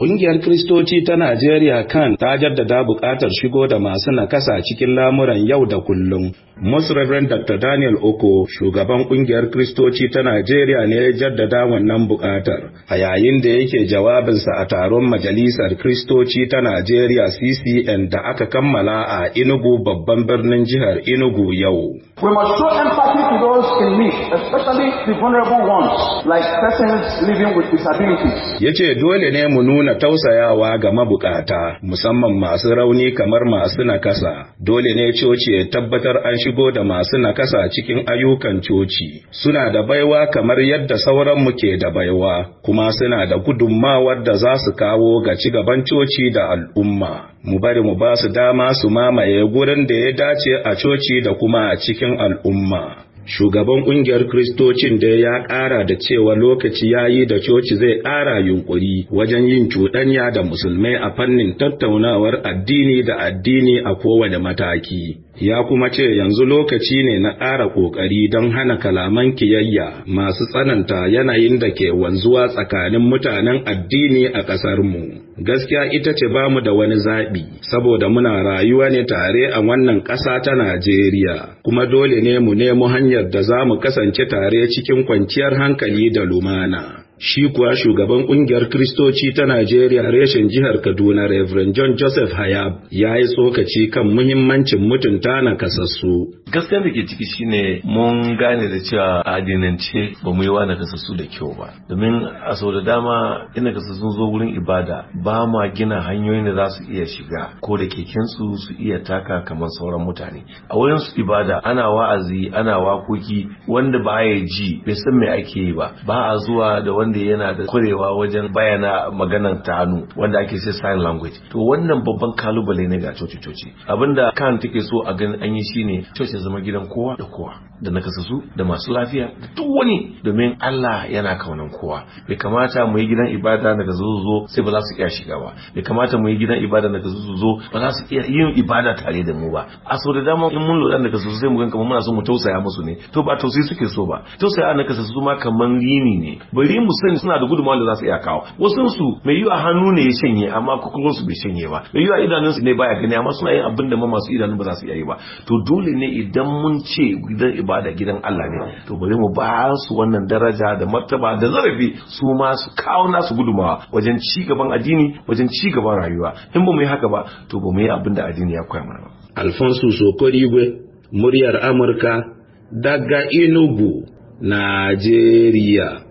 Ƙungiyar Kiristoci ta Najeriya kan ta jaddada buƙatar shigo da masu nakasa cikin lamuran yau da kullum Most Reverend Dr. Daniel Oko, shugaban kungiyar Kristoci ta Najeriya ne ya jaddada wannan bukatar. A yayin da yake jawabinsa a taron Majalisar Kristoci ta Najeriya CCN da aka kammala a inugu babban birnin jihar inugu yau. We must show empathy to those in need, especially the vulnerable ones, like persons living with disabilities. Ya ce dole ne mu nuna tausayawa ga mabukata, musamman masu rauni kamar masu nakasa. Dole ne coci ya tabbatar an shi shigo da masu nakasa cikin ayyukan coci, suna da baiwa kamar yadda sauranmu ke da baiwa, kuma suna da gudunmawar da za su kawo ga ci gaban coci da al'umma. Mu bari mu ba su dama su mamaye gurin da ya dace a coci da kuma a cikin al'umma. Shugaban ƙungiyar Kiristocin da ya ƙara da cewa lokaci ya yi da coci zai ƙara yunƙuri wajen yin cuɗanya da musulmai a fannin tattaunawar addini da addini a kowane mataki. ya kuma ce yanzu lokaci ne na ƙara ƙoƙari don hana kalaman kiyayya masu tsananta yanayin da ke wanzuwa tsakanin mutanen addini a ƙasarmu. gaskiya ita ce ba mu da wani zaɓi saboda muna rayuwa ne tare a wannan ƙasa ta Najeriya kuma dole ne mu nemo hanyar da za mu kasance tare cikin kwanciyar hankali da lumana. shi kuwa shugaban kungiyar kristoci ta Najeriya reshen jihar Kaduna Reverend John Joseph Hayab ya yi tsokaci kan muhimmancin mutunta na kasassu. Gaskiya da ke ciki shine mun gane da cewa adinance ba mu yi wa na kasassu da kyau ba. Domin a sau da dama ina kasassu zo wurin ibada ba ma gina hanyoyin da za su iya shiga ko da kekensu su iya taka kamar sauran mutane. A wurin su ibada ana wa'azi ana wakoki wanda ba ya ji bai san me ake yi ba ba a zuwa da wanda yana da kurewa wajen bayana maganar ta hannu wanda ake sai sign language to wannan babban kalubale ne ga coci-coci abinda kan take so a gani an yi shine coci zama gidan kowa da kowa da nakasassu da masu lafiya da duk wani domin Allah yana kaunan kowa bai kamata mu yi gidan ibada daga zo sai ba za su iya shiga ba bai kamata mu yi gidan ibada daga zo ba za su iya yin ibada tare da mu ba a so da dama in mun lura daga zuzo sai mu ganka muna so mu tausaya musu ne to ba tausayi suke so ba tausaya daga zuzo ma kaman rini ne bari mu sani suna da gudunmawa da za su iya kawo wasu su mai yiwa hannu ne ya shanye amma kwakwalwar su bai shanye ba mai yiwa idanun su ne baya gani amma suna yin abin da ma masu idanun ba za su iya yi ba to dole ne idan mun ce gidan ibada gidan Allah ne to bari mu ba su wannan daraja da martaba da zarafi su ma su kawo nasu gudunmawa wajen ci gaban addini wajen ci gaban rayuwa in ba mu yi haka ba to ba mu yi abin da addini ya koya mana ba Alfonso Sokorigwe muryar Amurka daga Enugu Najeriya